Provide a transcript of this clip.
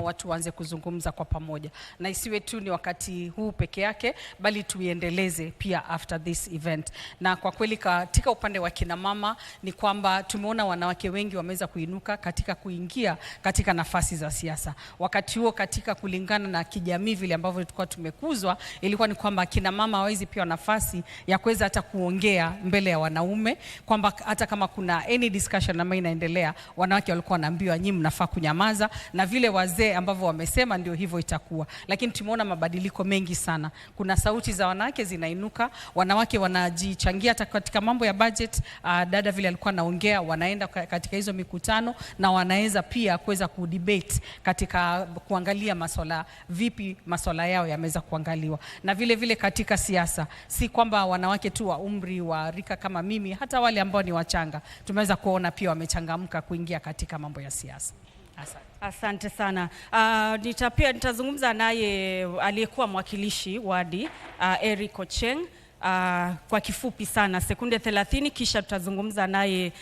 watu waanze kuzungumza kwa pamoja na isiwe tu ni wakati huu peke yake, bali tuiendeleze pia after this event. Na kwa kweli katika upande wa kina mama ni kwamba tumeona wanawake wengi wameweza kuinuka katika kuingia katika nafasi za siasa. Wakati huo katika kulingana na kijamii vile ambavyo tulikuwa tumekuzwa, ilikuwa ni kwamba kina mama hawezi pia nafasi ya kuweza hata kuongea mbele ya wanaume, kwamba hata kama kuna any discussion ambayo inaendelea, wanawake walikuwa wanaambiwa nyinyi mnafaa kunyamaza na vile wazee wazee ambavyo wamesema ndio hivyo itakuwa, lakini tumeona mabadiliko mengi sana. Kuna sauti za wanawake zinainuka, wanawake wanajichangia hata katika mambo ya budget. Uh, dada vile alikuwa anaongea, wanaenda katika hizo mikutano na wanaweza pia kuweza kudebate katika kuangalia masuala vipi masuala yao yameweza kuangaliwa, na vile vile katika siasa, si kwamba wanawake tu wa umri wa rika kama mimi, hata wale ambao ni wachanga tumeweza kuona pia wamechangamka kuingia katika mambo ya siasa. Asante, asante sana. Uh, nita pia nitazungumza naye aliyekuwa mwakilishi wadi uh, Eric Ocheng uh, kwa kifupi sana sekunde 30 kisha tutazungumza naye